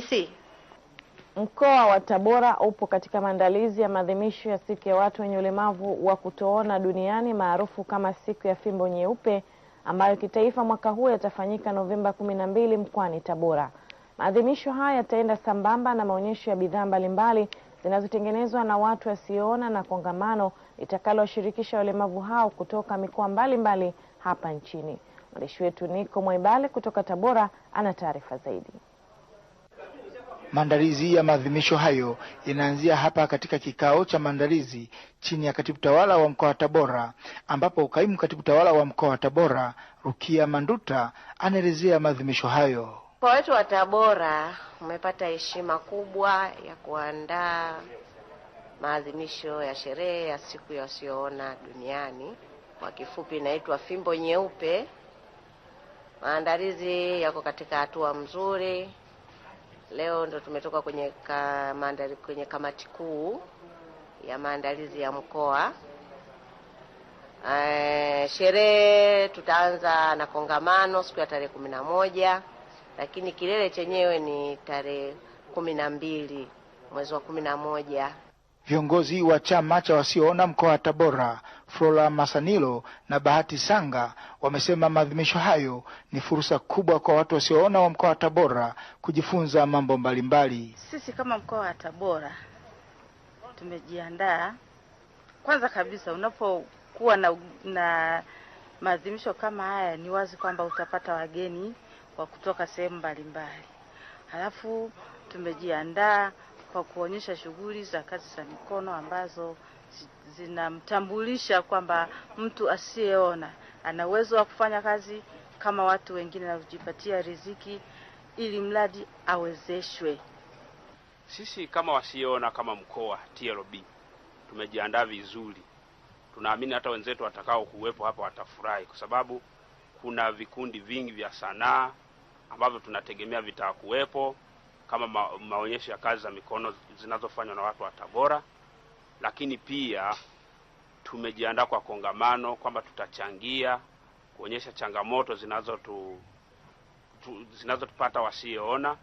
TBC. Mkoa wa Tabora upo katika maandalizi ya maadhimisho ya siku ya watu wenye ulemavu wa kutoona duniani maarufu kama siku ya fimbo nyeupe ambayo kitaifa mwaka huu yatafanyika Novemba kumi na mbili mkoani Tabora. Maadhimisho haya yataenda sambamba na maonyesho ya bidhaa mbalimbali zinazotengenezwa na watu wasioona na kongamano litakalowashirikisha walemavu hao kutoka mikoa mbalimbali hapa nchini. Mwandishi wetu Niko Mwaibale kutoka Tabora ana taarifa zaidi. Maandalizi ya maadhimisho hayo inaanzia hapa katika kikao cha maandalizi chini ya katibu tawala wa mkoa wa Tabora, ambapo kaimu katibu tawala wa mkoa wa Tabora Rukia Manduta anaelezea maadhimisho hayo. Kwa wetu wa Tabora umepata heshima kubwa ya kuandaa maadhimisho ya sherehe ya siku ya wasioona duniani, kwa kifupi inaitwa fimbo nyeupe. Maandalizi yako katika hatua mzuri Leo ndo tumetoka kwenye, kamanda, kwenye kamati kuu ya maandalizi ya mkoa. E, sherehe tutaanza na kongamano siku ya tarehe kumi na moja lakini kilele chenyewe ni tarehe kumi na mbili mwezi wa kumi na moja Viongozi wa chama cha wasioona mkoa wa Tabora, Flora Masanilo na Bahati Sanga, wamesema maadhimisho hayo ni fursa kubwa kwa watu wasioona wa mkoa wa Tabora kujifunza mambo mbalimbali. Sisi kama mkoa wa Tabora tumejiandaa. Kwanza kabisa, unapokuwa na, na maadhimisho kama haya, ni wazi kwamba utapata wageni wa kutoka sehemu mbalimbali, halafu tumejiandaa kwa kuonyesha shughuli za kazi za mikono ambazo zinamtambulisha kwamba mtu asiyeona ana uwezo wa kufanya kazi kama watu wengine na kujipatia riziki ili mradi awezeshwe. Sisi kama wasioona kama mkoa TLB tumejiandaa vizuri, tunaamini hata wenzetu watakao kuwepo hapa watafurahi, kwa sababu kuna vikundi vingi vya sanaa ambavyo tunategemea vitakuwepo kama ma, maonyesho ya kazi za mikono zinazofanywa na watu wa Tabora, lakini pia tumejiandaa kwa kongamano kwamba tutachangia kuonyesha changamoto zinazotu zinazotupata wasioona.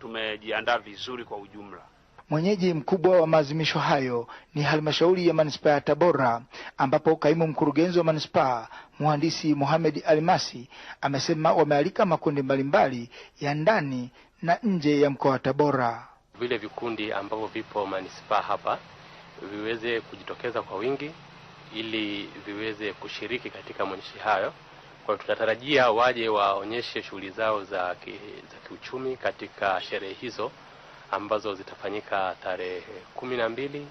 Tumejiandaa vizuri kwa ujumla. Mwenyeji mkubwa wa maazimisho hayo ni halmashauri ya manispaa ya Tabora, ambapo kaimu mkurugenzi wa manispaa mhandisi Mohamed Almasi amesema wamealika makundi mbalimbali ya ndani na nje ya mkoa wa Tabora, vile vikundi ambavyo vipo manispaa hapa viweze kujitokeza kwa wingi ili viweze kushiriki katika maonyesho hayo. Kwa hiyo tunatarajia waje waonyeshe shughuli zao za, ki, za kiuchumi katika sherehe hizo ambazo zitafanyika tarehe kumi na mbili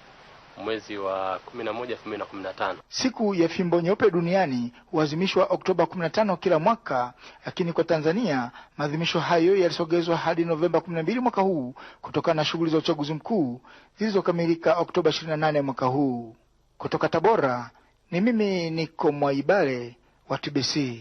mwezi wa 11 2015. Siku ya fimbo nyeupe duniani huadhimishwa Oktoba 15 kila mwaka, lakini kwa Tanzania maadhimisho hayo yalisogezwa hadi Novemba 12 mwaka huu kutokana na shughuli za uchaguzi mkuu zilizokamilika Oktoba 28 mwaka huu. Kutoka Tabora ni mimi niko Mwaibale wa TBC.